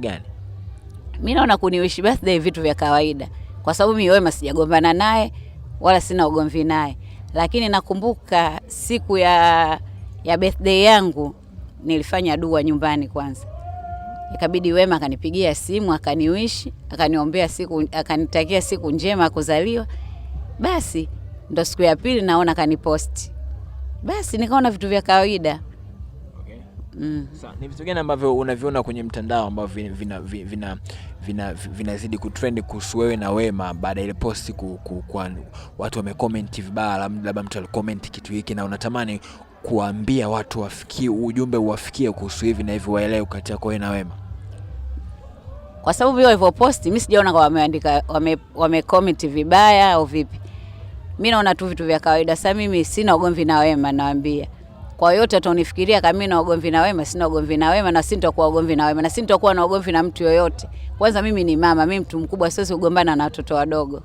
kitu gani? Mimi naona kuniwishi birthday vitu vya kawaida, kwa sababu mimi Wema sijagombana naye wala sina ugomvi naye, lakini nakumbuka siku ya ya birthday yangu nilifanya dua nyumbani kwanza, ikabidi Wema akanipigia simu akaniwishi, akaniombea siku, akanitakia siku njema kuzaliwa. Basi ndo siku ya pili naona kaniposti, basi nikaona vitu vya kawaida Mm. ni vitu gani ambavyo unaviona kwenye mtandao ambavyo vinazidi vina, vina, vina, vina kutrend kuhusu wewe na Wema baada ile posti ku, ku, ku, watu wamecomment vibaya, labda mtu alicomment kitu hiki na unatamani kuambia watu wafikie ujumbe uwafikie kuhusu hivi na hivi, waelewe kati yako wewe na Wema kwa sababu hiyo hivyo post mimi sijaona kwa wameandika wame, wame comment vibaya au vipi. Mimi naona tu vitu vya kawaida. Sasa mimi sina ugomvi na Wema, nawaambia kwa yote atanifikiria kama mimi na ugomvi na Wema, sina ugomvi na Wema na sintakuwa ugomvi na Wema na sintakuwa na ugomvi na mtu yoyote. Kwanza mimi ni mama, mimi mtu mkubwa, siwezi kugombana na watoto wadogo.